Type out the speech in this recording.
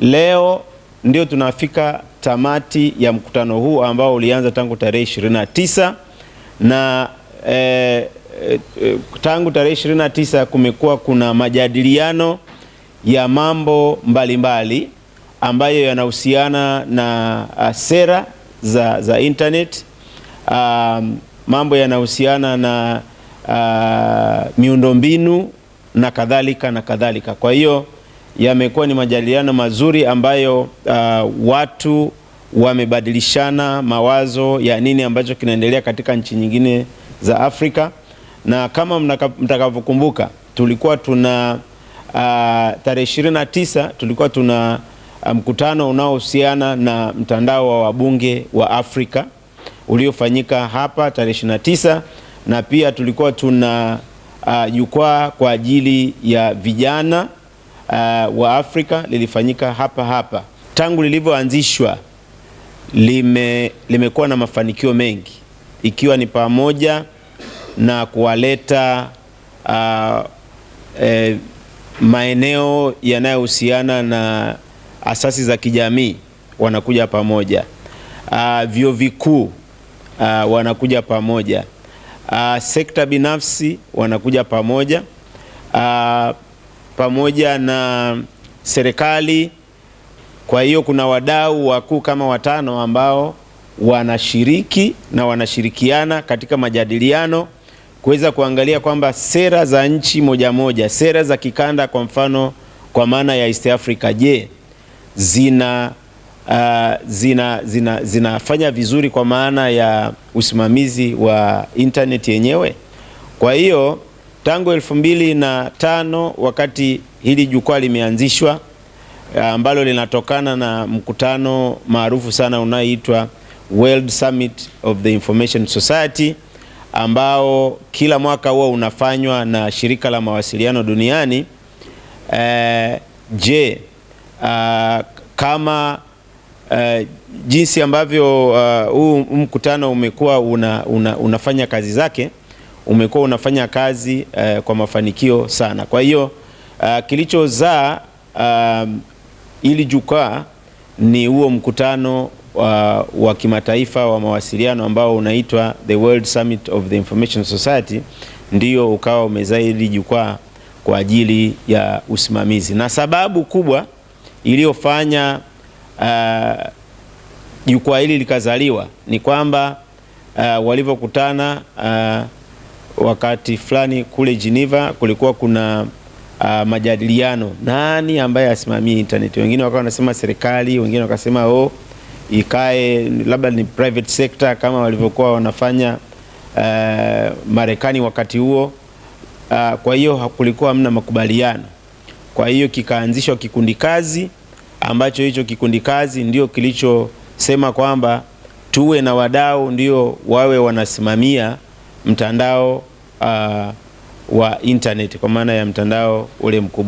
Leo ndio tunafika tamati ya mkutano huu ambao ulianza tangu tarehe 29 na eh, eh, tangu tarehe 29 kumekuwa kuna majadiliano ya mambo mbalimbali mbali, ambayo yanahusiana na eh, sera za, za internet um, mambo yanahusiana na uh, miundombinu na kadhalika na kadhalika. Kwa hiyo yamekuwa ni majadiliano mazuri ambayo uh, watu wamebadilishana mawazo ya nini ambacho kinaendelea katika nchi nyingine za Afrika, na kama mtakavyokumbuka tulikuwa tuna uh, tarehe 29 tulikuwa tuna uh, mkutano um, unaohusiana na mtandao wa wabunge wa Afrika uliofanyika hapa tarehe 29 na pia tulikuwa tuna uh, jukwaa uh, kwa ajili ya vijana uh, wa Afrika lilifanyika hapa hapa. Tangu lilivyoanzishwa lime, limekuwa na mafanikio mengi ikiwa ni pamoja na kuwaleta uh, eh, maeneo yanayohusiana na asasi za kijamii wanakuja pamoja, uh, vyuo vikuu uh, wanakuja pamoja, uh, sekta binafsi wanakuja pamoja uh, pamoja na serikali. Kwa hiyo kuna wadau wakuu kama watano ambao wanashiriki na wanashirikiana katika majadiliano kuweza kuangalia kwamba sera za nchi moja moja, sera za kikanda, kwa mfano kwa maana ya East Africa, je, zina uh, zina zina zinafanya vizuri kwa maana ya usimamizi wa internet yenyewe. Kwa hiyo tangu elfu mbili na tano wakati hili jukwaa limeanzishwa eh, ambalo linatokana na mkutano maarufu sana unaoitwa World Summit of the Information Society ambao kila mwaka huwa unafanywa na shirika la mawasiliano duniani. E, je, a, ah, kama a, eh, jinsi ambavyo ah, huu mkutano umekuwa una, una, unafanya kazi zake umekuwa unafanya kazi uh, kwa mafanikio sana. Kwa hiyo uh, kilichozaa uh, ili jukwaa ni huo mkutano wa, wa kimataifa wa mawasiliano ambao unaitwa the World Summit of the Information Society, ndio ukawa umezaa hili jukwaa kwa ajili ya usimamizi, na sababu kubwa iliyofanya jukwaa hili likazaliwa ni kwamba uh, walivyokutana uh, wakati fulani kule Geneva kulikuwa kuna uh, majadiliano nani ambaye asimamie internet. Wengine wakawa wanasema serikali, wengine wakasema oh, ikae labda ni private sector kama walivyokuwa wanafanya uh, Marekani wakati huo uh, kwa hiyo hakulikuwa hamna makubaliano. Kwa hiyo kikaanzishwa kikundi kazi ambacho hicho kikundi kazi ndio kilichosema kwamba tuwe na wadau ndio wawe wanasimamia mtandao uh, wa internet kwa maana ya mtandao ule mkubwa.